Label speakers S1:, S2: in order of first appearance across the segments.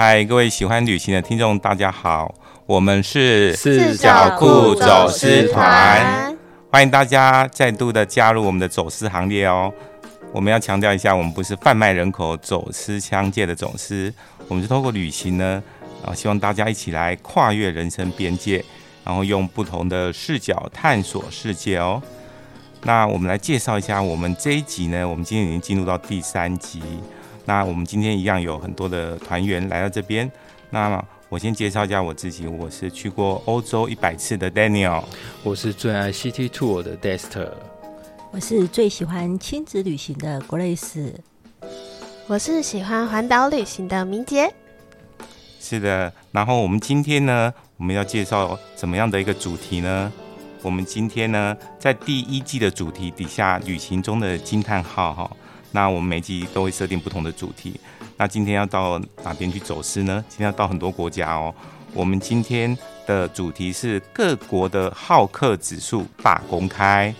S1: 嗨，各位喜歡旅行的聽眾，大家好，我們是視角酷走私團，歡迎大家再度的加入我們的走私行列哦。我們要強調一下，我們不是販賣人口、走私槍械的走私，我們是通過旅行呢，然後希望大家一起來跨越人生邊界，然後用不同的視角探索世界哦。那我們來介紹一下，我們這一集呢，我們今天已經進入到第三集。那我們今天一樣有很多的團員來到這邊。那我先介紹一下我自己，我是去過歐洲一百次的 Daniel。我是最愛 City Tour 的 Dexter。
S2: 我是最喜歡親子旅行
S3: 的 Grace。我是喜歡環島旅行的明捷。
S1: 是的，然後我們今天呢，我們要介紹怎麼樣的一個主題呢？我們今天呢，在第一季的主題底下，旅行中的驚嘆號哈。那我們每集都會設定不同的主題。那今天要到哪邊去走私呢？今天要到很多國家哦。我們今天的主題是各國的好客指數大公開。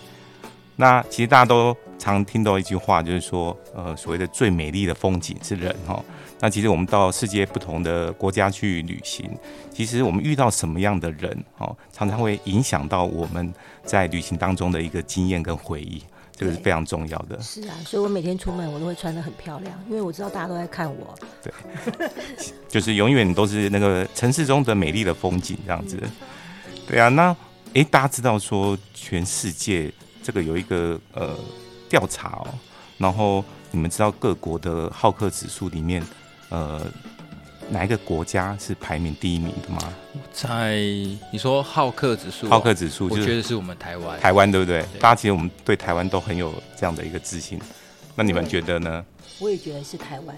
S1: 那其實大家都常聽到一句話，就是說，呃，所謂的最美麗的風景是人哦。那其實我們到世界不同的國家去旅行，其實我們遇到什麼樣的人哦，常常會影響到我們在旅行當中的一個經驗跟回憶。這個是非常重要的。
S2: 是啊，所以我每天出門我都會穿得很漂亮，因為我知道大家都在看我。對，
S1: 就是永遠都是那個城市中的美麗的風景這樣子。對啊，那誒、欸，大家知道說全世界這個有一個呃調查哦，然後你們知道各國的好客指數裡面呃。哪一個國家是排名第一名的嗎？
S4: 我猜，你說好客指數哦，好客指數就是，我覺得是我們台灣，台灣對不對？大
S1: 家其實我們對台灣都很有這樣的一個自信。那你們覺得呢？
S2: 我也覺得是台灣。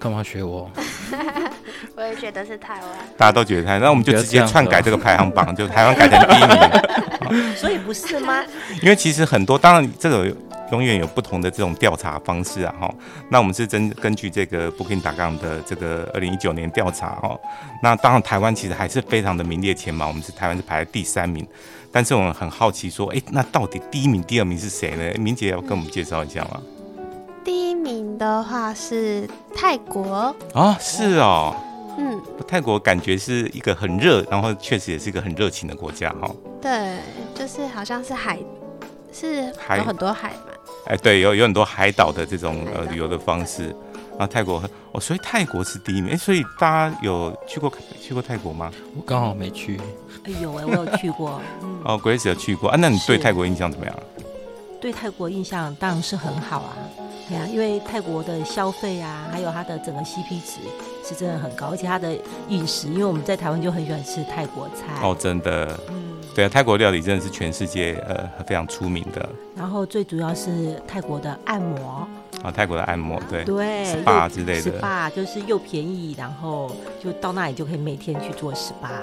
S1: 幹嘛學我？
S5: 我也覺得是台灣。
S1: 大家都覺得台灣，那我們就直接篡改這個排行榜，就台灣改成第一名。
S2: 所以不是嗎？因
S1: 為其實很多，當然這個。永遠有不同的這種調查方式啊，哈。那我們是根根據這個 Booking.com 的這個二零一九年調查，哈。那當然台灣其實還是非常的名列前茅，我們是台灣是排在第三名。但是我們很好奇說，哎、欸，那到底第一名、第二名是誰呢？明捷要跟我們介紹一下嗎？
S3: 第一名的話是泰國
S1: 啊、哦，是哦，
S3: 嗯，
S1: 泰國感覺是一個很熱，然後確實也是一個很熱情的國家，哈。
S3: 對，就是好像是海，是有很多海。
S1: 哎、欸，對，有有很多海島的這種呃旅遊的方式，啊泰國哦，所以泰國是第一名。哎，所以大家有去過去過泰國嗎？我剛好沒去 。
S2: 哎有哎、欸，我有去過、
S1: 嗯。哦，Grace 有去過啊？那你對泰國印象怎麼樣？
S2: 對泰國印象當然是很好啊！對啊，因為泰國的消費啊，還有它的整個 CP 值是真的很高，而且它的飲食，因為我們在台灣就很喜歡吃泰國菜。
S1: 哦，真的。對啊，泰國料理真的是全世界呃非常出名的。
S2: 然後最主要是泰國的按摩
S1: 啊，泰國的按摩，對對，spa 之類的，spa
S2: 就是又便宜，然後就到那裡就可以每天去做 spa。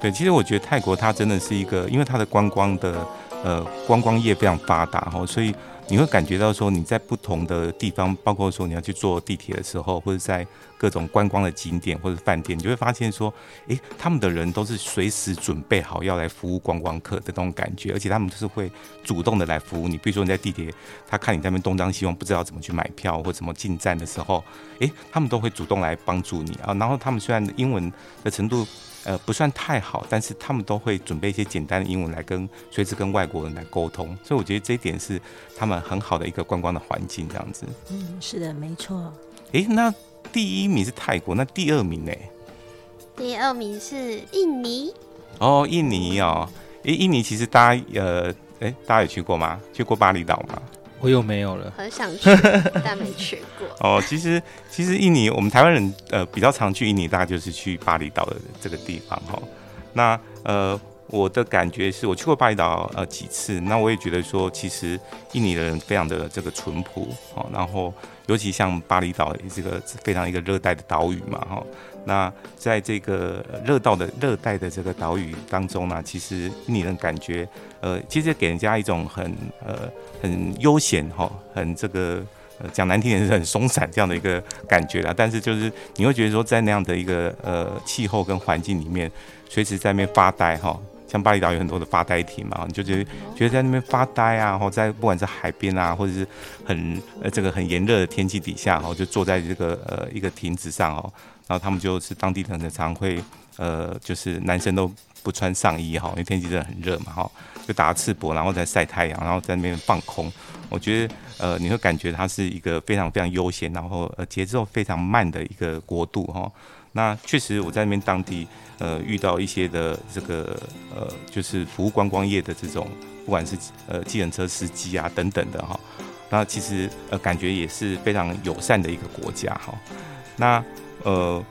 S1: 對，其實我覺得泰國它真的是一個，因為它的觀光的呃觀光業非常發達哈，哦，所以。你會感覺到說，你在不同的地方，包括說你要去坐地鐵的時候，或者在各種觀光的景點或者飯店，你就會發現說，誒，他們的人都是隨時準備好要來服務觀光客的那種感覺，而且他們就是會主動的來服務你。比如說你在地鐵，他看你在那邊東張西望，不知道怎麼去買票或怎麼進站的時候，誒，他們都會主動來幫助你啊。然後他們雖然英文的程度，呃，不算太好，但是他們都會準備一些簡單的英文來跟，隨時跟外國人來溝通，所以我覺得這一點是他們很好的一個觀光的環境這樣子。
S2: 嗯，是的，沒錯。
S1: 哎，那第一名是泰國，那第二名呢？
S3: 第二名是印尼。
S1: 哦，印尼哦，哎，印尼其實大家呃，哎，大家有去過嗎？去過巴厘島嗎？我又沒有了，很想去，但沒去過。 哦，其實其實印尼，我們台灣人呃比較常去印尼，大概就是去巴厘島的這個地方哈、哦。那呃，我的感覺是我去過巴厘島呃幾次，那我也覺得說，其實印尼的人非常的這個淳樸、哦、然後，尤其像巴厘島這個非常一個熱帶的島嶼嘛哈。哦那在這個熱道的熱帶的這個島嶼當中呢、啊，其實你能感覺，呃，其實給人家一種很呃很悠閒哈、哦，很這個講、呃、難聽點是很鬆散這樣的一個感覺啦。但是就是你會覺得說，在那樣的一個呃氣候跟環境裡面，隨時在那邊發呆哈、哦，像巴厘島有很多的發呆亭嘛，你就覺得覺得在那邊發呆啊，或、哦、在不管是海邊啊，或者是很呃這個很炎熱的天氣底下，然後、哦、就坐在這個呃一個亭子上哦。然後他們就是當地的人，常會呃，就是男生都不穿上衣哈，因為天氣真的很熱嘛哈，就打赤膊，然後在曬太陽，然後在那邊放空。我覺得呃，你會感覺它是一個非常非常悠閒，然後呃節奏非常慢的一個國度哈、哦。那確實我在那邊當地呃遇到一些的這個呃，就是服務觀光業的這種，不管是呃計程車司機啊等等的哈、哦，那其實呃感覺也是非常友善的一個國家哈、哦。那呃，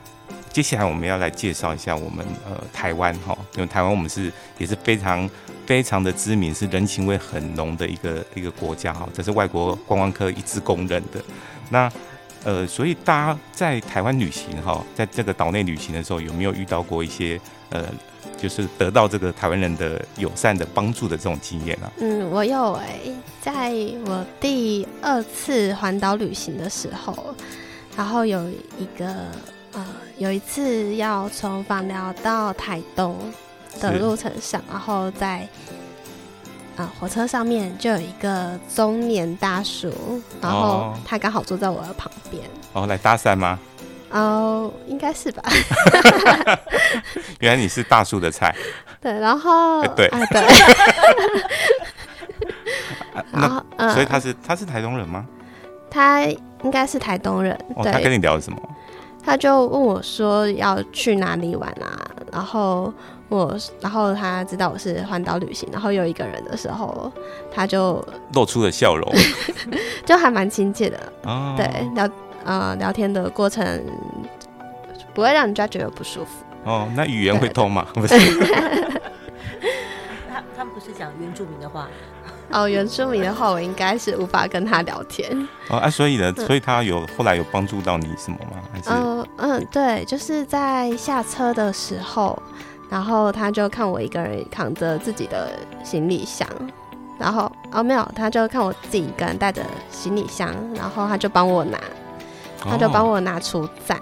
S1: 接下來我們要來介紹一下我們呃台灣哈，因為台灣我們是也是非常非常的知名，是人情味很濃的一個一個國家哈，這是外國觀光客一致公認的。那呃，所以大家在台灣旅行哈，在這個島內旅行的時候，有沒有遇到過一些呃，就是得到這個台灣人的友善的幫助的這種經驗啊？嗯，
S3: 我有哎、欸，在我第二次環島旅行的時候。然後有一個呃，有一次要從枋寮到台東的路程上，然後在啊、呃、火車上面就有一個中年大叔，
S1: 然後他
S3: 剛好坐在我的旁邊、
S1: 哦。哦，來搭訕嗎？
S3: 哦、呃，應該是
S1: 吧。 原來你是大叔的菜。對，然後對、欸、對。哎、對 然後那、嗯、所以他是他是台東人嗎？
S3: 他應該是台東人，對、哦、他跟你聊什麼？他就問我說要去哪裡玩啊，然後我，然後他知道我是環島旅行，然後有一個人的時候，他就
S1: 露出了笑容，
S3: 就還蠻親切的、哦。對，聊呃聊天的過程不會讓你覺得不舒服。哦，
S1: 那語言會通嗎？不是
S2: 他，他他們不是講原住民的話。哦，原
S3: 住民的話，我應該是無法跟他聊天。
S1: 哦，啊，所以呢，所以他有、嗯、後來有幫助到你什麼嗎？還是？
S2: 嗯、呃、嗯，對，就
S3: 是在下車的時候，然後他就看我一個人扛着自己的行李箱，然後哦沒有，他就看我自己一個人帶着行李箱，然後他就幫我拿，
S1: 他就幫我
S3: 拿出站。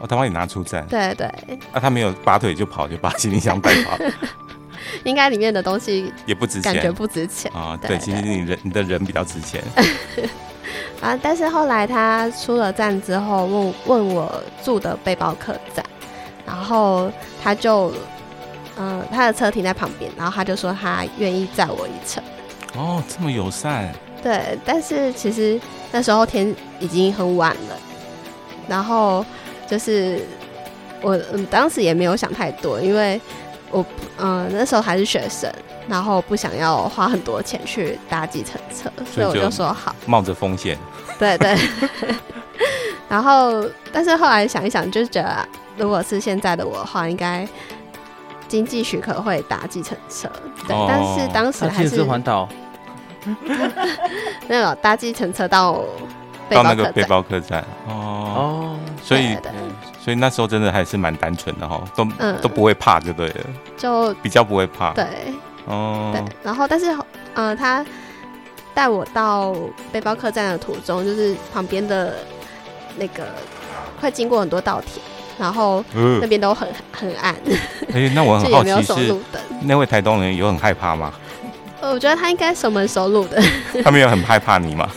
S1: 哦，他幫你拿出站、哦。對對啊，他沒有拔腿就跑，就把行李箱帶跑。
S3: 應該裡面的東西不也不值錢，感覺不值錢啊。哦、對，對，對，對，其
S1: 實你人你的人比較值錢
S3: 啊。但是後來他出了站之後問，問問我住的背包客棧，然後他就嗯、呃，他的車停在旁邊，然後他就說他願意載我一程。
S1: 哦，這麼友善。
S3: 對，但是其實那時候天已經很晚了，然後就是我、嗯、當時也沒有想太多，因為。我嗯，那時候還是學生，然後不想要花很多錢去搭計程車，所以我就說好，
S1: 冒着風險，
S3: 對對。 然後，但是後來想一想，就覺得、啊、如果是現在的我的話，應該經濟許可會搭計程車對、哦，但是當時還是環
S1: 島、嗯、
S3: 那種搭計程車到背包客到那個背包
S1: 客棧哦，所以。對對對。所以那時候真的還是蠻單純的哈，都、嗯、都不會怕就對了，就比較不會怕。對，哦，對。
S3: 然後，但是，呃，他帶我到背包客棧的途中，就是旁邊的那個，快經過很多稻田，然後那邊都很、嗯、很暗。哎、欸，那我很好奇，是
S1: 那位台東人有很害怕嗎？
S3: 呃，我覺得他應該熟門熟路的，他沒
S1: 有很害怕你嗎？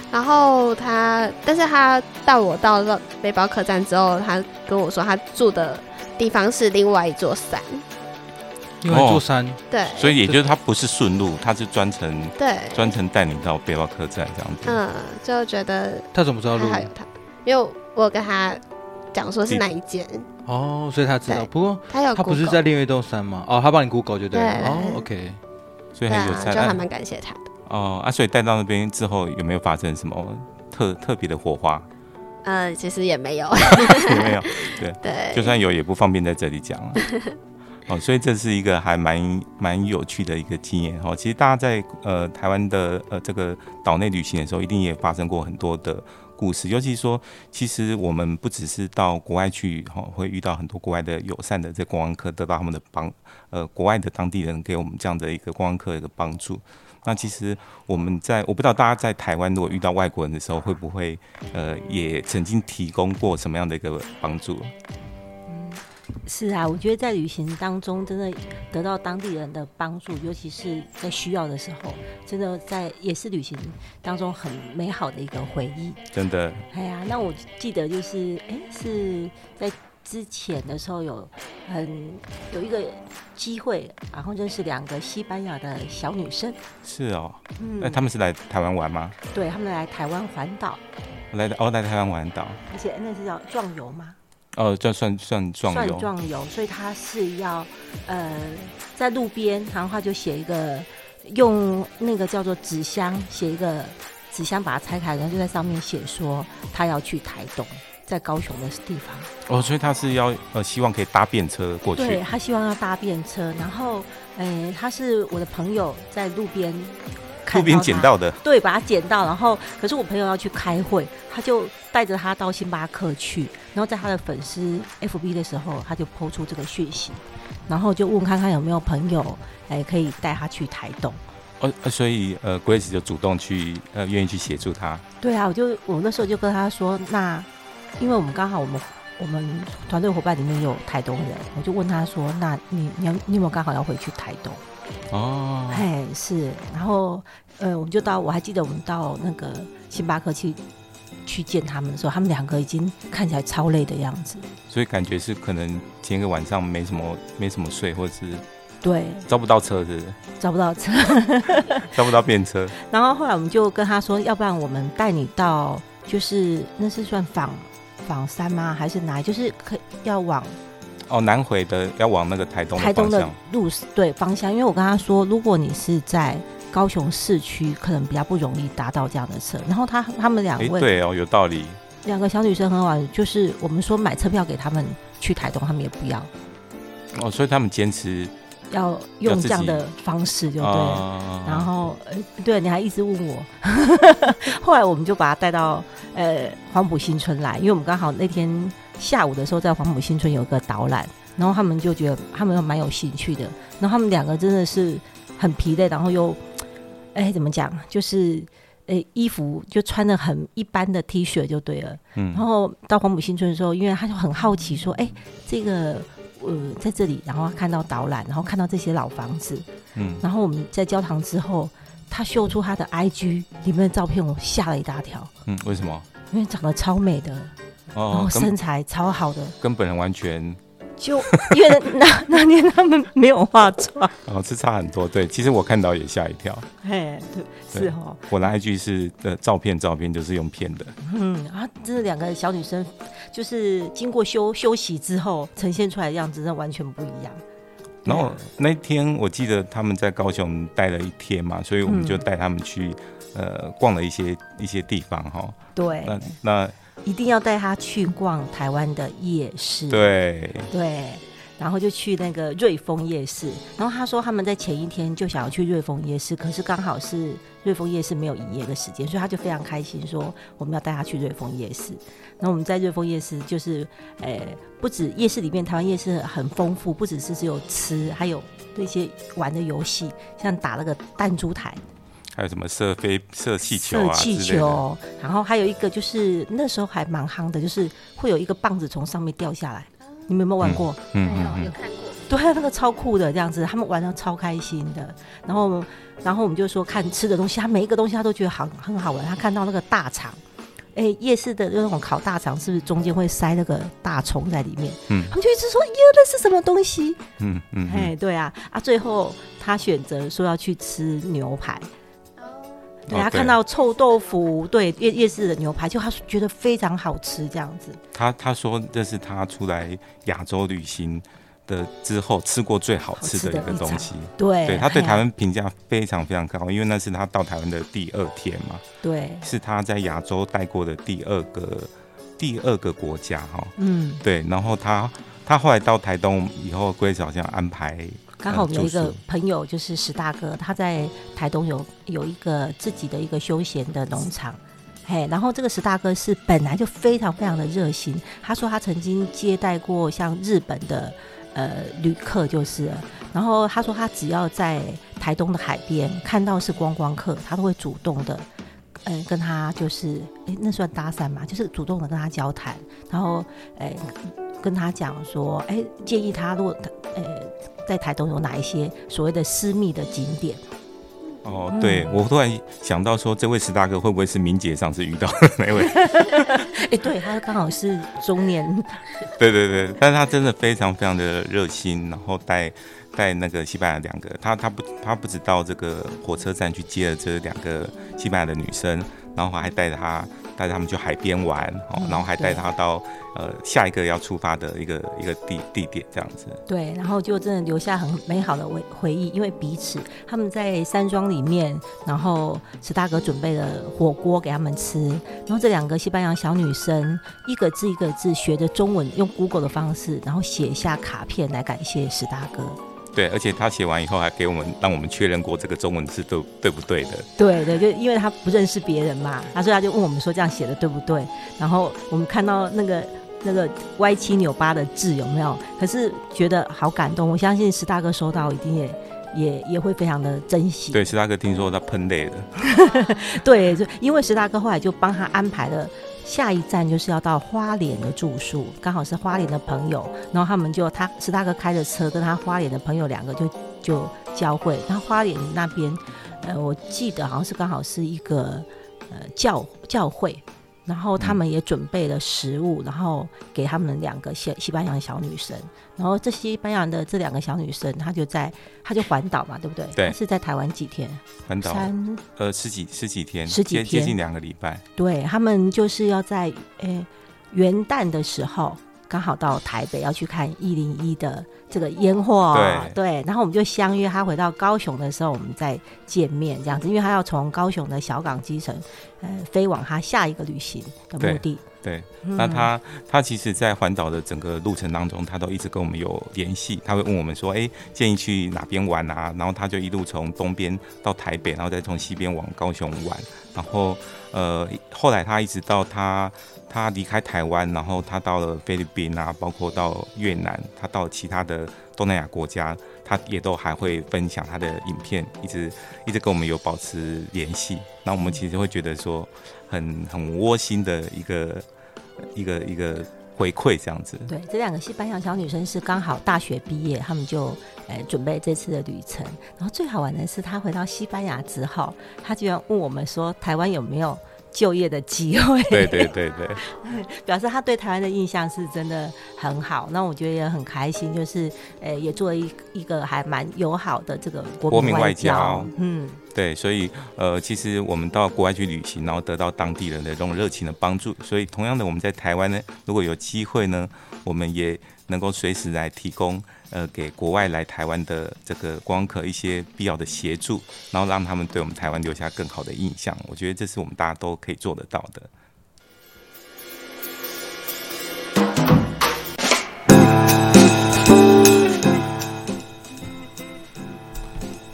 S3: 然後他，但是他帶我到了背包客棧之後，他跟我說他住的地方是另外一座山，另外一座
S1: 山，對，所以也就是他不是順路，他是專程，對，專程帶你到背包客棧這樣子，嗯，就覺得他怎麼知道路？還有
S3: 他因為，我跟他講說是哪一間
S4: 哦，所以他知道。不過他有、Google、他不是在另外一座山嗎？哦，他幫
S1: 你 Google 就對了，對，哦，OK，所以他，啊、就還蠻感謝他的。啊嗯哦阿、啊、所以帶到那邊之後，有沒有發生什麼特特別的火花？嗯、
S3: 呃，其實也沒有，
S1: 也沒有，對對，就算有，也不方便在這裡講了、啊。 哦，所以這是一個還蠻蠻有趣的一個經驗哦。其實大家在呃台灣的呃這個島內旅行的時候，一定也發生過很多的故事。尤其是說，其實我們不只是到國外去，哈、哦，會遇到很多國外的友善的這觀光客，得到他們的幫，呃，國外的當地人給我們這樣的一個觀光客一個幫助。那其實我們在，我不知道大家在台灣如果遇到外國人的時候會不會呃，也曾經提供過什麼樣的一個幫助？嗯，
S2: 是啊，我覺得在旅行當中真的得到當地人的幫助，尤其是在需要的時候，真的在也是旅行當中很美好的一個回憶。真的。哎呀，那我記得就是哎、欸、是在。之前的時候有很有一個機會，啊，然後認識兩個西班牙的小女生。
S1: 是哦，那，嗯、欸、他們是來台灣玩嗎？
S2: 對，他們來台灣環島，
S1: 來台灣環島，
S2: 而且那是叫壯遊嗎？
S1: 哦，這算算壯遊，壯
S2: 遊，所以他是要呃在路邊，然後他就寫一個用那個叫做紙箱寫一個紙箱把它拆開，然後就在上面寫說他要去台東。在高雄的地方
S1: 哦，所以他是要呃，希望可以搭便車過去。對，他
S2: 希望要搭便車，然後呃，他是我的朋友，在路邊
S1: 路邊撿到的，
S2: 對，把他撿到，然後可是我朋友要去開會，他就帶着他到星巴克去，然後在他的粉絲 FB 的時候，他就 po 出這個訊息，然後就問看看有沒有朋友哎可以帶他去台東。
S1: 呃、哦、呃，所以呃 Grace 就主動去呃，願意去協助他。
S2: 對啊，我就我那時候就跟他說那。因為我們剛好我們我們團隊伙伴裡面有台東人，我就問他說：“那你你要你有沒有剛好要回去台東？”哦，哎，是。然後呃，我們就到我還記得我們到那個星巴克去去見他們的時候，他們兩個已經看起來超累的樣子，
S1: 所以感覺是可能前個晚上沒什麼沒什麼睡，或者是對，招不到車子，
S2: 招不到車 ，
S1: 招不到便車。
S2: 然後後來我們就跟他說：“要不然我們帶你到，就是那是算訪。”房山嗎？還是哪裡？就是可要往
S1: 哦南回的，要往那個台東台東的
S2: 路對，方向。因為我跟他說，如果你是在高雄市區，可能比較不容易搭到這樣的車。然後他他們兩位、欸、對哦，有道理。兩個小女生很好，就是我們說買車票給他們去台東，他們也不要
S1: 哦，所以他們堅持。要用這樣的
S2: 方式就對了，然後對，你還一直問我，後來我們就把他帶到呃黃埔新村來，因為我們剛好那天下午的時候在黃埔新村有個導覽，然後他們就覺得他們又蠻有興趣的，然後他們兩個真的是很疲累，然後又哎、呃、怎麼講，就是哎、呃，衣服就穿的很一般的 T 恤就對了，然後到黃埔新村的時候，因為他就很好奇說，哎、呃、這個。呃，在這裡，然後看到導覽，然後看到這些老房子，嗯，然後我們在教堂之後，他秀出他的 IG 裡面的照片，我嚇了一大跳，嗯，為什麼？因為長得超美的，
S1: 哦，然後身
S2: 材超好的，
S1: 跟本人完全。
S2: 就因為那那年他們沒有化妝，
S1: 哦，是差很多。對，其實我看到也嚇一跳。 嘿，
S2: 對，對，是
S1: 哈。我那一句是呃，照片照片就是用騙的。
S2: 嗯啊，真的兩個小女生，就是經過休休息之後呈現出來的樣子，那完全不一樣。
S1: 然後那天我記得他們在高雄待了一天嘛，所以我們就帶他們去、嗯、呃逛了一些一些地方哈。對。那那。
S2: 一定要帶他去逛台灣的夜
S1: 市，對對，
S2: 然後就去那個瑞豐夜市。然後他說他們在前一天就想要去瑞豐夜市，可是剛好是瑞豐夜市沒有營業的時間，所以他就非常開心說我們要帶他去瑞豐夜市。那我們在瑞豐夜市就是，呃，不止夜市裡面台灣夜市很，很豐富，不只是只有吃，還有那些玩的遊戲，像打那個彈珠台。
S1: 還有什麼射飛射氣球啊，射氣球之類
S2: 的，然後還有一個就是那時候還蠻夯的，就是會有一個棒子從上面掉下來。你們有沒有玩過？嗯，有
S1: 有看過。
S2: 對、嗯哎哎哎哎哎，還有那個超酷的這樣子，他們玩得超開心的。然後，然後我們就說看吃的東西，他每一個東西他都覺得很很好玩。他看到那個大腸，哎、欸，夜市的那種烤大腸，是不是中間會塞那個大蟲在裡面？嗯，他們就一直說，耶，那是什麼東西？嗯嗯，哎、嗯欸，對啊啊，最後他選擇說要去吃牛排。大家看到臭豆腐，oh, 對，對夜夜市的牛排，就他覺得非常好吃這樣子。
S1: 他他說，這是他出來亞洲旅行的之後吃過最好吃的一個東西對。對，他對台灣評價非常非常高，啊，因為那是他到台灣的第二天嘛。對，是他在亞洲待過的第二個第二個國家哈、哦。嗯，對，然後他他後來到台東以後，規則好像安排。剛好我們有一個
S2: 朋友，就是石大哥，他在台東有有一個自己的一個休閒的農場，哎，然後這個石大哥是本來就非常非常的熱心，他說他曾經接待過像日本的呃旅客，就是，然後他說他只要在台東的海邊看到是觀光客，他都會主動的，嗯、呃，跟他就是，哎、欸，那算搭訕嘛，就是主動的跟他交談，然後，哎、欸，跟他講說，哎、欸，建議他如果，哎、欸。在台東有哪一些所謂的私密的景點？
S1: 哦，對，我突然想到說，這位石大哥會不會是明捷上次遇到的那位？
S2: 哎、 欸，對他剛好是中年。
S1: 對對對，但是他真的非常非常的熱心，然後帶帶那個西班牙兩個，他他不他不止到這個火車站去接了這兩個西班牙的女生，然後還帶着他。帶他們去海邊玩，哦，然後還帶他到，嗯，呃、下一個要出發的一個一個地地點這樣子。
S2: 對，然後就真的留下很美好的回回憶，因為彼此他們在山莊裡面，然後史大哥準備了火鍋給他們吃，然後這兩個西班牙小女生一個字一個字學着中文，用 Google 的方式，然後寫下卡片來感謝史大哥。
S1: 對，而且他寫完以後還給我們讓我們確認過這個中文字對對不對的。
S2: 對對，就因為他不認識別人嘛，所以他就問我們說這樣寫的對不對。然後我們看到那個那個歪七扭八的字有沒有？可是覺得好感動，我相信石大哥收到一定也也也會非常的珍惜。
S1: 對，石大哥聽說他噴淚了。
S2: 對，就因為石大哥後來就幫他安排了。下一站就是要到花蓮的住宿，剛好是花蓮的朋友，然後他們就他是大哥開着車跟他花蓮的朋友兩個就就交會，那花蓮那邊，呃，我記得好像是剛好是一個呃教教會。然後他們也準備了食物，嗯，然後給他們兩個西西班牙的小女生。然後這西班牙的這兩個小女生，她就在她就環島嘛，對不對？對，是在台灣幾天？環島三。
S1: 呃，十幾十幾天，十幾天接，接近兩個禮拜。
S2: 對他們就是要在誒元旦的時候。剛好到台北要去看一零一的這個煙火。喔，對，對，然後我們就相約他回到高雄的時候，我們再見面這樣子，因為他要從高雄的小港機場，呃，飛往他下一個旅行的目的。
S1: 對，對嗯、那他他其實在環島的整個路程當中，他都一直跟我們有聯繫，他會問我們說，哎、欸，建議去哪邊玩啊？然後他就一路從東邊到台北，然後再從西邊往高雄玩，然後呃，後來他一直到他。他離開台灣，然後他到了菲律賓啊，包括到越南，他到其他的東南亞國家，他也都還會分享他的影片，一直一直跟我們有保持聯繫。那我們其實會覺得說很，很很窩心的一個一個一個回饋這樣子。對，
S2: 這兩個西班牙小女生是剛好大學畢業，他們就誒、欸、準備這次的旅程。然後最好玩的是，他回到西班牙之後，他居然問我們說，台灣有沒有？就業的機會，對對對對，對，表示他對台灣的印象是真的很好。那我覺得也很開心，就是誒、欸，也做了一一個還蠻友好的這個國民外交，外交嗯，
S1: 對。所以呃，其實我們到國外去旅行，然後得到當地人的這種熱情的幫助。所以同樣的，我們在台灣呢，如果有機會呢，我們也能夠隨時來提供。呃，給國外來台灣的這個觀光客一些必要的協助，然後讓他們對我們台灣留下更好的印象。我覺得這是我們大家都可以做得到的。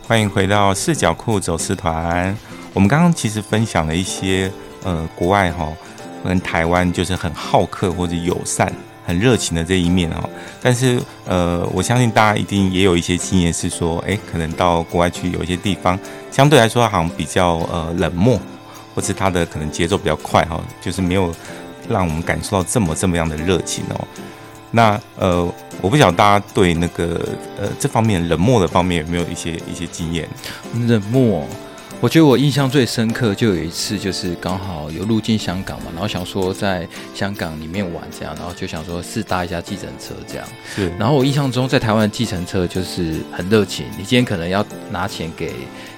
S1: 歡迎回到視角酷走私團。我們剛剛其實分享了一些呃，國外哈跟台灣就是很好客或者友善。很熱情的這一面哦，但是呃，我相信大家一定也有一些經驗，是說，誒，可能到國外去，有一些地方相對來說好像比較呃冷漠，或是他的可能節奏比較快哈，就是沒有讓我們感受到這麼這麼樣的熱情哦。那呃，我不曉得大家對那個呃這方面冷漠的方面有沒有一些一些經驗？
S4: 冷漠。
S1: 我覺得我印象最深刻就有一次，
S4: 就是剛好有路經香港嘛，然後想說在香港裡面玩這樣，然後就想說試搭一下計程車這樣。是。然後我印象中在台灣計程車就是很熱情，你今天可能要拿錢給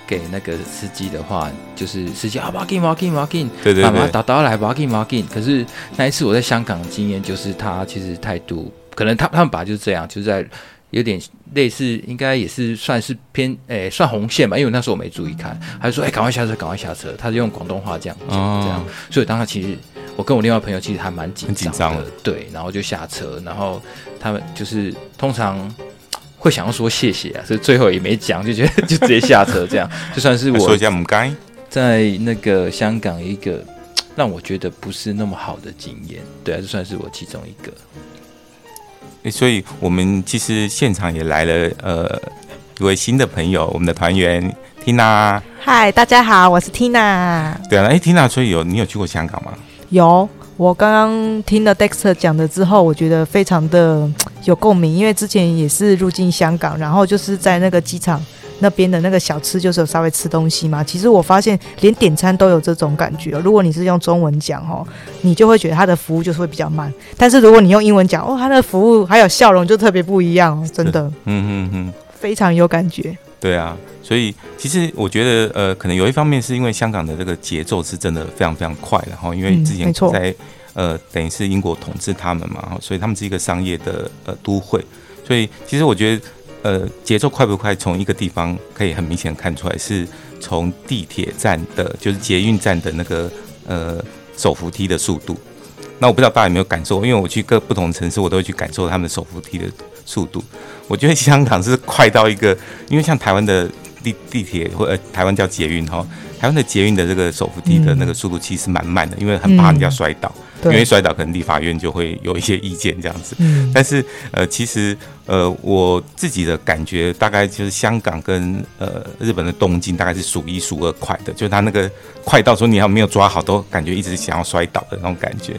S4: 給那個司機的話，就是司機啊免驚免驚免驚，對對對對，把刀刀來免驚免驚。可是那一次我在香港的經驗就是他其實態度可能他他們本來就是這樣，就是在。有點類似，應該也是算是偏誒、欸，算紅線吧。因為那時候我沒注意看，還是說哎，趕、欸、快下車，趕快下車。他就用廣東話這樣講，哦，這樣，所以當他其實我跟我另外朋友其實還蠻緊張的，對，然後就下車，然後他們就是通常會想要說謝謝啊，所以最後也沒講，就覺得就直接下車這樣， 就算是我說一下，唔該在那個香港一個讓我覺得不是那麼好的經驗，對，這算是我其中一個。
S1: 所以我們其實現場也來了，呃，一位新的朋友，我們的團員 Tina。
S5: 嗨，大家好，我是 Tina。
S1: 對啊，哎，Tina，所以有，你有去過香港嗎？
S5: 有，我剛剛聽了 Dexter 講的之後，我覺得非常的有共鳴，因為之前也是入境香港，然後就是在那個機場。那邊的那個小吃就是有稍微吃東西嘛，其實我發現連點餐都有這種感覺哦。如果你是用中文講哦，你就會覺得他的服務就是會比較慢；但是如果你用英文講哦，他的服務還有笑容就特別不一樣哦，真的，嗯嗯嗯，非常有感覺。
S1: 對啊，所以其實我覺得呃，可能有一方面是因為香港的這個節奏是真的非常非常快的，然後因為之前在，嗯，呃等於是英國統治他們嘛，所以他們是一個商業的呃都會，所以其實我覺得。呃，節奏快不快？從一個地方可以很明顯看出來，是從地鐵站的，就是捷運站的那個呃手扶梯的速度。那我不知道大家有沒有感受，因為我去各不同的城市，我都會去感受他們手扶梯的速度。我覺得香港是快到一個，因為像台灣的地地鐵或、呃、台灣叫捷運哈，台灣的捷運的這個手扶梯的那個速度其實蠻慢的，因為很怕人家摔倒。嗯因為摔倒可能立法院就會有一些意見這樣子，嗯、但是呃，其實呃，我自己的感覺大概就是香港跟呃日本的東京大概是數一數二快的，就是它那個快到說你還沒有抓好，都感覺一直想要摔倒的那種感覺。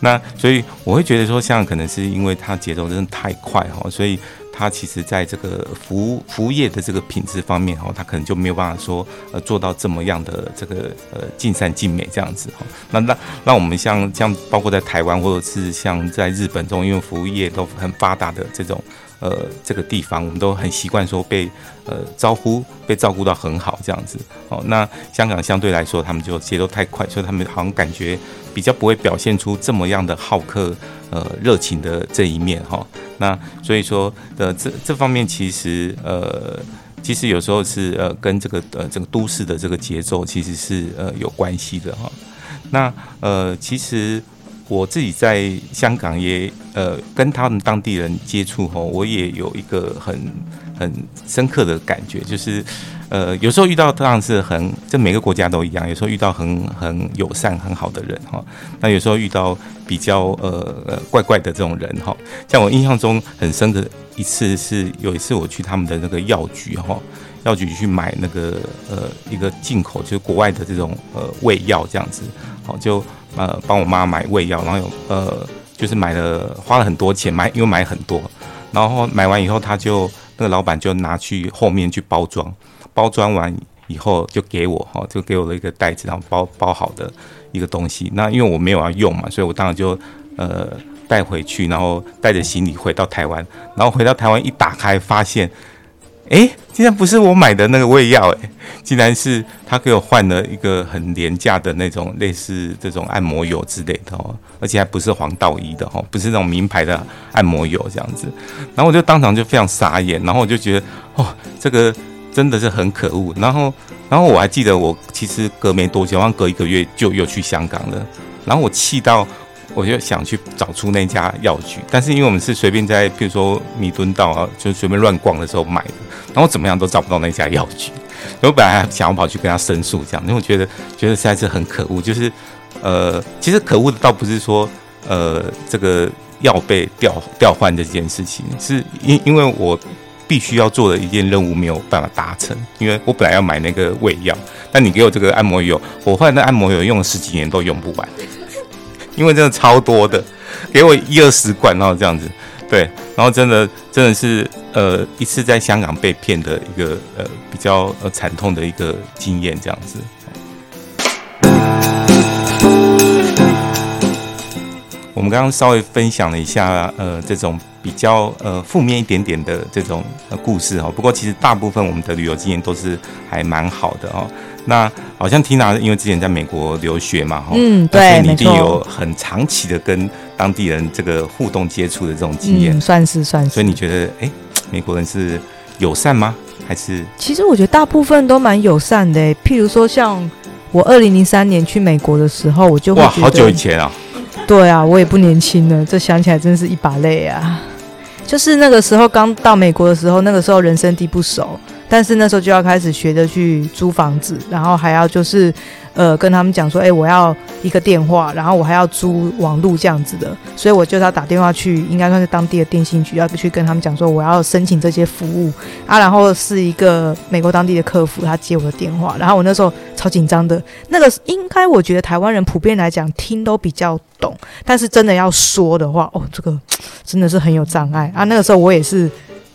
S1: 那所以我會覺得說，香港可能是因為它節奏真的太快哈，所以。它其實，在這個服務服務業的這個品質方面，哦，哈，它可能就沒有辦法說，呃，做到這麼樣的這個，呃，盡善盡美這樣子，哦。哈，那那那我們像像包括在台灣，或者是像在日本這種，因為服務業都很發達的這種。呃，這個地方我們都很習慣說被，呃，招呼被照顧到很好這樣子哦。那香港相對來說，他們就節奏太快，所以他們好像感覺比較不會表現出這麼樣的好客，呃，熱情的這一面哈、哦。那所以說，的、呃、這這方面其實，呃，其實有時候是呃，跟這個呃，這個都市的這個節奏其實是呃有關係的哈、哦。那呃，其實。我自己在香港也呃跟他們當地人接觸哈、哦，我也有一個很很深刻的感覺，就是呃有時候遇到當然是很，就每個國家都一樣，有時候遇到很很友善很好的人哈、哦，那有時候遇到比較呃怪怪的這種人哈、哦。像我印象中很深刻的一次是有一次我去他們的那個藥局哈、哦。要自己去買那個呃一個進口就是國外的這種呃胃藥這樣子，好、哦、就呃幫我媽買胃藥，然後有呃就是買了花了很多錢買，因為買很多，然後買完以後他就那個老板就拿去後面去包裝，包裝完以後就給我哈、哦，就給我了一個袋子，然後包包好的一個東西。那因為我沒有要用嘛，所以我當然就呃帶回去，然後帶着行李回到台灣，然後回到台灣一打開發現。哎、欸，竟然不是我買的那個胃藥，哎，竟然是他給我換了一個很廉價的那種，類似這種按摩油之類的、哦，而且還不是黃道益的哈、哦，不是那種名牌的按摩油這樣子，然後我就當場就非常傻眼，然後我就覺得哦，這個真的是很可惡，然後，然後我還記得我其實隔沒多久，我好像隔一個月就又去香港了，然後我氣到。我就想去找出那家藥局，但是因為我們是隨便在，比如說彌敦道啊，就隨便亂逛的時候買的，然後我怎麼樣都找不到那家藥局。我本來還想要跑去跟他申訴，這樣，因為我覺得覺得實在是很可惡。就是，呃，其實可惡的倒不是說，呃，這個藥被調調換這件事情，是因因為我必須要做的一件任務沒有辦法達成，因為我本來要買那個胃藥，但你給我這個按摩油，我換那按摩油用了十幾年都用不完。因為真的超多的，給我一二十罐，然後這樣子，對，然後真的真的是呃，一次在香港被騙的一個呃比較呃慘痛的一個經驗，這樣子。我們剛剛稍微分享了一下呃這種比較呃負面一點點的這種呃故事哈，不過其實大部分我們的旅遊經驗都是還蠻好的哦。那好像 Tina，因為之前在美國留學嘛，哈、嗯，所以你一定有很長期的跟當地人這個互動接觸的這種經驗、嗯，算是算是。所以你覺得，哎、欸，美國人是友善嗎？還是？
S5: 其實我覺得大部分都蠻友善的，欸。譬如說，像我二零零三年去美國的時候，我就哇，好久以前啊，對啊，我也不年輕了，這想起來真是一把淚啊。就是那個時候剛到美國的時候，那個時候人生地不熟。但是那時候就要開始學着去租房子，然後還要就是，呃，跟他們講說，誒，我要一個電話，然後我還要租網絡這樣子的，所以我就要打電話去，應該算是當地的電信局，要去跟他們講說，我要申請這些服務啊。然後是一個美國當地的客服，他接我的電話，然後我那時候超緊張的。那個應該我覺得台灣人普遍來講聽都比較懂，但是真的要說的話，哦，這個真的是很有障礙啊。那個時候我也是。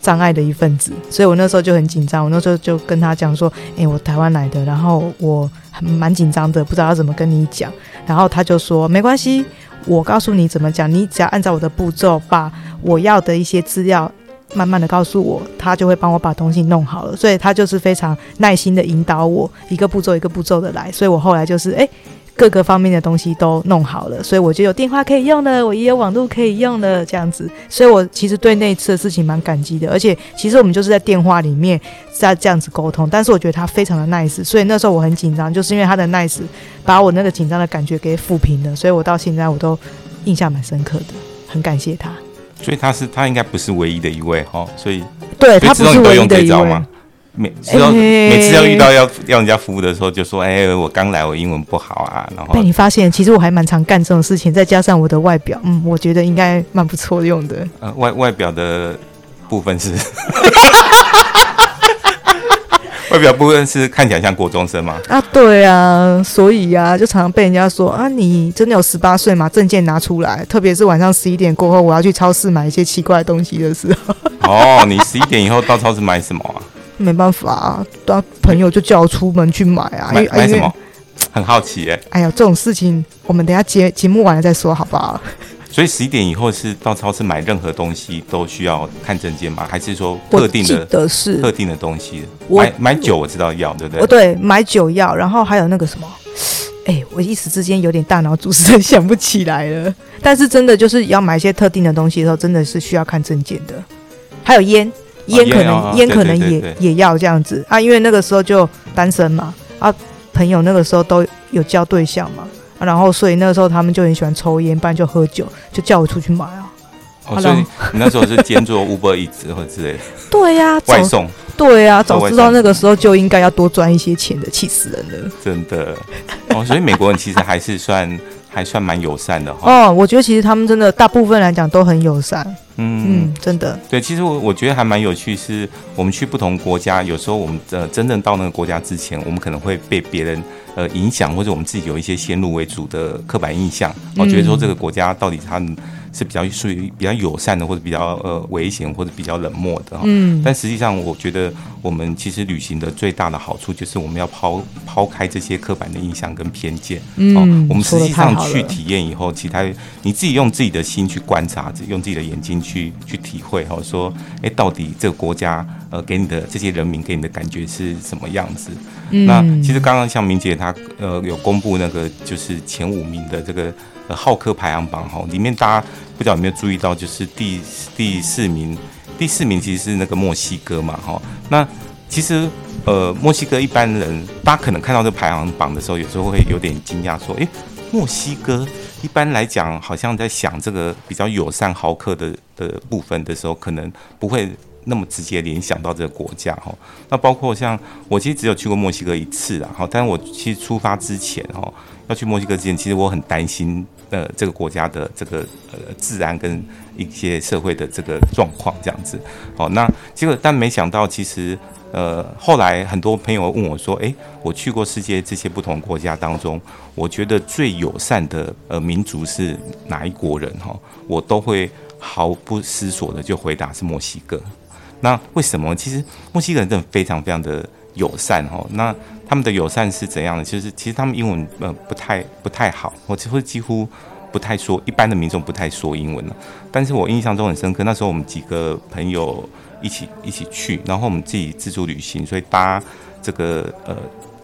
S5: 障礙的一份子，所以我那時候就很緊張。我那時候就跟他講說：“哎、欸，我台灣來的，然後我蠻緊張的，不知道要怎麼跟你講。”然後他就說：“沒關係，我告訴你怎麼講，你只要按照我的步驟，把我要的一些資料慢慢的告訴我，他就會幫我把東西弄好了。”所以他就是非常耐心的引導我，一個步驟一個步驟的來。所以我後來就是哎。欸各個方面的東西都弄好了，所以我就有電話可以用了，我也有網絡可以用了，這樣子，所以我其實對那次的事情蠻感激的。而且其實我們就是在電話裡面在這樣子溝通，但是我覺得他非常的 nice，所以那時候我很緊張，就是因為他的 nice 把我那個緊張的感覺給撫平了，所以我到現在我都印象蠻深刻的，很感謝他。
S1: 所以他是他應該不是唯一的一位哈、哦，所以對，所以一一對他不是唯一的一位。每要、欸、每次要遇到要要人家服務的時候，就說：“哎、欸，我剛來，我英文不好啊。”然後被你
S5: 發現，其實我還蠻常幹這種事情。再加上我的外表，嗯，我覺得應該蠻不錯用
S1: 的。呃、外外表的部分是，哦、 外表部分是看起來像國中生嗎？
S5: 啊，對啊，所以啊，就常常被人家說啊，你真的有十八歲嗎？證件拿出來。特別是晚上十一點過後，我要去超市買一些奇怪的東西的時
S1: 候。哦，你十一點以後到超市買什麼啊？
S5: 沒辦法、啊，當朋友就叫我出門去買啊，買，買什麼
S1: 很好奇哎、欸。
S5: 哎呀，這種事情我們等一下節節目完了再說，好不好？
S1: 所以十一點以後是到超市買任何東西都需要看證件嗎？還是說特定的是特定的東西？我買買酒我知道要，對不對？哦對，
S5: 買酒要，然後還有那個什麼？哎，我一時之間有點大腦組織想不起來了。但是真的就是要買一些特定的東西的時候，真的是需要看證件的。還有菸。煙、哦、可能煙、哦哦、可能也對對對對也要這樣子啊，因為那個時候就單身嘛啊，朋友那個時候都有交對象嘛，啊、然後所以那個時候他們就很喜歡抽煙，不然就喝酒，就叫我出去買啊。哦，啊、
S1: 所以你，你那時候是兼做 Uber Eats 或之類的。對呀、啊，外送。對呀、啊，早知道
S5: 那個時候就應該要多賺一些錢的，氣死人
S1: 了。真的。哦，所以美國人其實還是算 還算蠻友善的哈。
S5: 哦，我覺得其實他們真的大部分來講都很友善。嗯嗯，真的。
S1: 對，其實我我覺得還蠻有趣是，是我們去不同國家，有時候我們呃真正到那個國家之前，我們可能會被別人。呃，影響或者我們自己有一些先入為主的刻板印象，我、嗯、覺得說，這個國家到底它，是比較屬於比較友善的，或者比較呃危險，或者比較冷漠的。嗯，但實際上我覺得，我們其實旅行的最大的好處就是我們要拋拋開這些刻板的印象跟偏見，嗯，哦、我們實際上去體驗以後，其他你自己用自己的心去觀察，用自己的眼睛去去體會，哦，說、欸、哎，到底這個國家。呃，給你的這些人民給你的感覺是什麼樣子？嗯、那其實剛剛像明捷她呃有公布那個就是前五名的這個好客、呃、排行榜哈，裡面大家不知道有沒有注意到，就是第第四名第四名其實是那個墨西哥嘛哈。那其實呃墨西哥一般人大家可能看到這個排行榜的時候，有時候會有點驚訝說，說哎，墨西哥一般來講好像在想這個比較友善好客的的部分的時候，可能不會。那麼直接聯想到這個國家哈，那包括像我其實只有去過墨西哥一次啦，哈，但是我其實出發之前哈，要去墨西哥之前，其實我很擔心呃這個國家的這個呃治安跟一些社會的這個狀況這樣子，哦，那結果但沒想到其實呃後來很多朋友問我說，誒，我去過世界這些不同國家當中，我覺得最友善的呃民族是哪一國人哈，哦，我都會毫不思索的就回答是墨西哥。那為什麼？其實墨西哥人真的非常非常的友善哦。那他們的友善是怎樣的？就是其實他們英文呃不太不太好，我幾乎幾乎不太說，一般的民眾不太說英文了。但是我印象中很深刻，那時候我們幾個朋友一起一起去，然後我們自己自助旅行，所以搭這個呃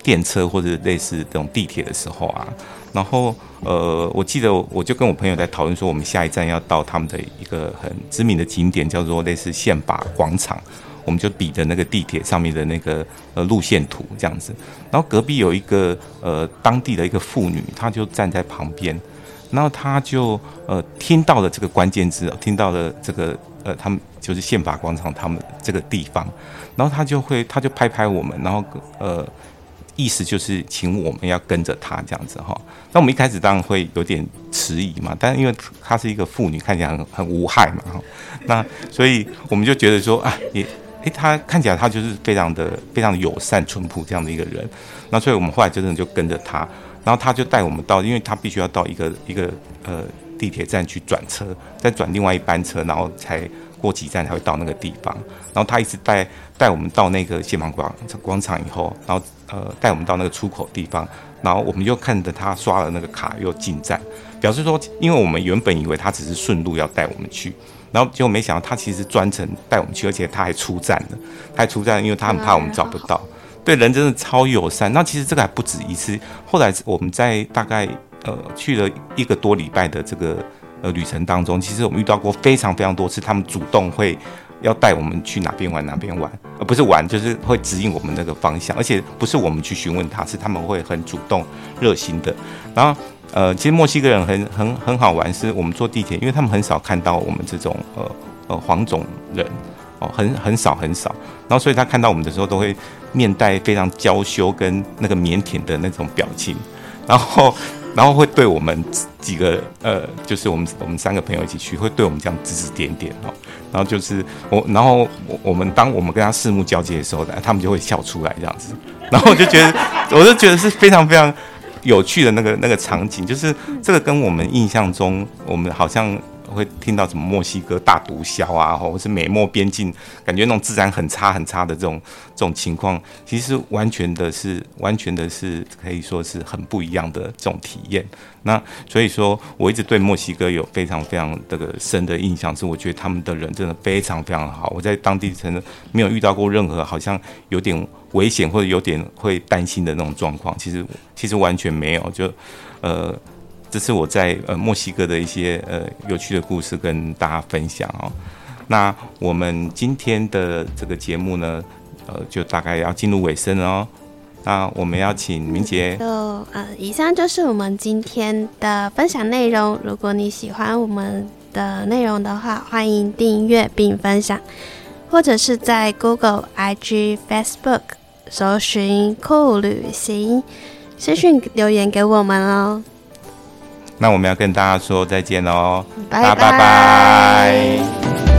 S1: 電車或者類似這種地鐵的時候啊。然後，呃，我記得我就跟我朋友在討論說，我們下一站要到他們的一個很知名的景點，叫做類似憲法廣場。我們就比著那個地鐵上面的那個呃路線圖這樣子。然後隔壁有一個呃當地的一個婦女，她就站在旁邊。然後她就呃聽到了這個關鍵字，聽到了這個呃他們就是憲法廣場他們這個地方。然後她就會，她就拍拍我們，然後呃。意思就是請我們要跟着他這樣子哈，那我們一開始當然會有點遲疑嘛，但因為他是一個婦女，看起來很很無害嘛哈，那所以我們就覺得說啊，也誒，她、欸、看起來她就是非常的非常的友善淳樸這樣的一個人，那所以我們後來就真的就跟着他，然後他就帶我們到，因為他必須要到一個一個呃地鐵站去轉車，再轉另外一班車，然後才過幾站才會到那個地方，然後他一直帶帶我們到那個謝芒廣廣場以後，然後。呃，帶我們到那個出口地方，然後我們就看着他刷了那個卡又進站，表示說，因為我們原本以為他只是順路要帶我們去，然後結果沒想到他其實專程帶我們去，而且他還出站了，他還出站了，因為他很怕我們找不到，嗯嗯、對，人真的超友善。那其實這個還不止一次，後來我們在大概呃去了一個多禮拜的這個呃旅程當中，其實我們遇到過非常非常多次，他們主動會要帶我們去哪邊玩哪邊玩，呃，而不是玩，就是會指引我們那個方向。而且不是我們去詢問他，是他們會很主動、熱心的。然後，呃，其實墨西哥人很很很好玩，是我們坐地鐵，因為他們很少看到我們這種呃呃黃種人哦，很很少很少。然後，所以他看到我們的時候，都會面帶非常嬌羞跟那個靦腆的那種表情。然後，然後會對我們幾個呃，就是我們我們三個朋友一起去，會對我們這樣指指點點哦。然後就是我，然後我我們當我們跟他四目交接的時候，他們就會笑出來這樣子，然後我就覺得，我就覺得是非常非常有趣的那個那個場景，就是這個跟我們印象中我們好像，會聽到什麼墨西哥大毒梟啊，或是美墨邊境，感覺那種治安很差很差的這種這種情況，其實完全的是完全的是可以說是很不一樣的這種體驗。那所以說，我一直對墨西哥有非常非常這個深的印象，是我覺得他們的人真的非常非常好。我在當地真的沒有遇到過任何好像有點危險或者有點會擔心的那種狀況，其實其實完全沒有，就呃。這是我在呃墨西哥的一些呃有趣的故事跟大家分享哦。那我們今天的這個節目呢，呃，就大概要進入尾聲了，哦，那我們要請明捷，嗯。
S3: 就呃，以上就是我們今天的分享內容。如果你喜歡我們的內容的話，歡迎訂閱並分享，或者是在 Google、IG、Facebook 搜尋酷旅行，私訊留言給我們哦。
S1: 那我們要跟大家說再見嘍，拜拜拜，拜。